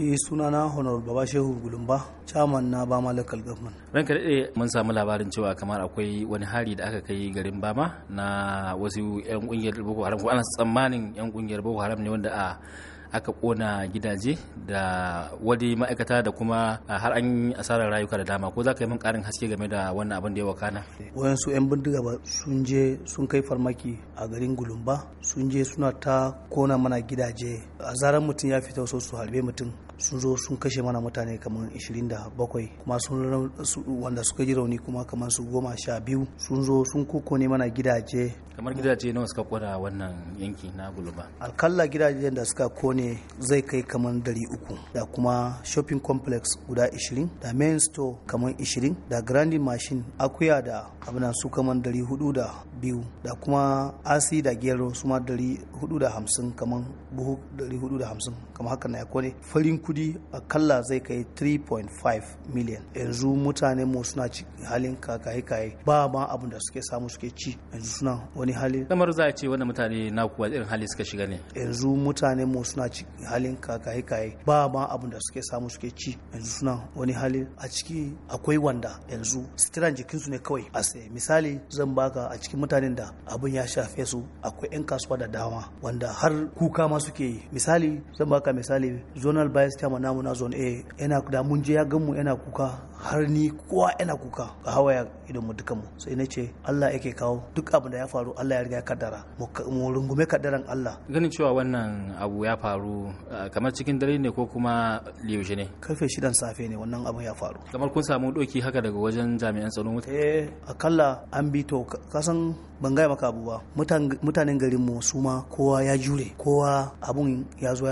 eh sunana honor baba shehu gulumba chairman na bama local government ranka dade mun samu labarin cewa kamar akwai wani hari da aka kai garin bama na wasu yan kungiyar boko haram ko ana tsammanin yan kungiyar boko haram ne wanda a aka kona gidaje da wani ma'aikata da kuma har an yi asarar rayuka da dama ko za ka yi min karin haske game da wannan abin da ya wakana wayansu 'yan bindiga ba sun je sun kai farmaki a garin gulumba sun je suna ta kona mana gidaje a zarar mutum ya fita so su harbe mutum sun zo sun kashe mana mutane kamar 27 kuma sun wanda suka ji rauni kuma kamar su goma sha biyu sun zo sun kokone mana gidaje kamar gidaje nawa suka kwada wannan yanki na guluba alkalla gidajen da suka kone zai kai kamar uku da kuma shopping complex guda 20 da main store kamar 20 da grinding machine akuya da abinan su kamar hudu da biyu da kuma asi da gero su ma hamsin kamar buhu dari hudu da hamsin kamar haka na ya kone farin kudi akalla zai kai 3.5 miliyan yanzu mutane mu suna halin kakaye-kaye ba ma abin da suke samu suke ci yanzu suna wani hali kamar za a ce wanda mutane na kuwa irin hali suka shiga ne yanzu mutane mu suna halin kakaye-kaye ba ma abin da suke samu suke ci yanzu suna wani hali a ciki akwai wanda yanzu sitiran jikinsu ne kawai a sai misali zan baka a cikin mutanen da abin ya shafe su akwai 'yan kasuwa da dama wanda har kuka ma suke yi misali zan baka misali zonal bias gaskiya ma namu na zone A yana da mun je ya gan mu yana kuka har ni kowa yana kuka ga hawaya idan mu dukanmu sai na ce Allah yake kawo duk abin da ya faru Allah ya riga ya kaddara mu rungume kaddaran Allah ganin cewa wannan abu ya faru ah, kamar cikin dare ne ko kuma liyoshi ne karfe shidan safe ne wannan abu ya faru kamar kun samu doki haka daga wajen jami'an tsaron mutane eh akalla an bi to kasan ban gaya maka abu ba mutanen garin mu su ma kowa ya jure kowa abun ya zo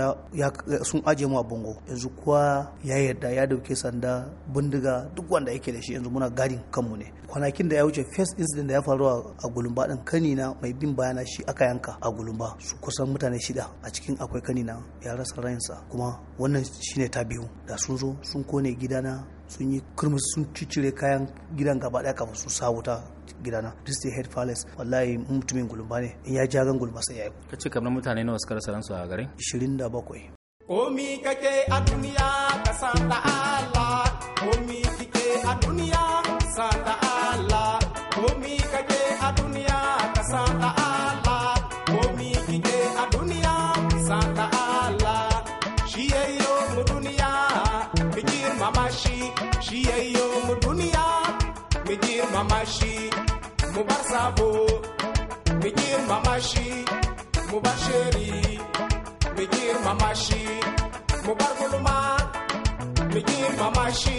sun aje mu a bango yanzu kowa ya yarda ya dauke sanda bindiga duk wanda yake da shi yanzu muna garin kanmu ne kwanakin da ya wuce first incident da ya faru a gulumba din kanina mai bin bayana shi aka yanka a gulumba su kusan mutane shida a cikin akwai kanina ya rasa rayinsa kuma wannan shine ta biyu da sun zo sun kone gidana sun yi kurmus sun cicire kayan gidan gaba daya kafin su sa wuta gidana disney Head Palace wallahi mutumin gulumba ne in ya ja gan gulumba sai ya yi ka ce kamar mutane nawa suka rasa ransu a garin 27 komi kake a duniya ka san da'a mamashi mu bar sabo bigir mamashi mu bar sheri bigir mamashi mubarguluma, bar bigir mamashi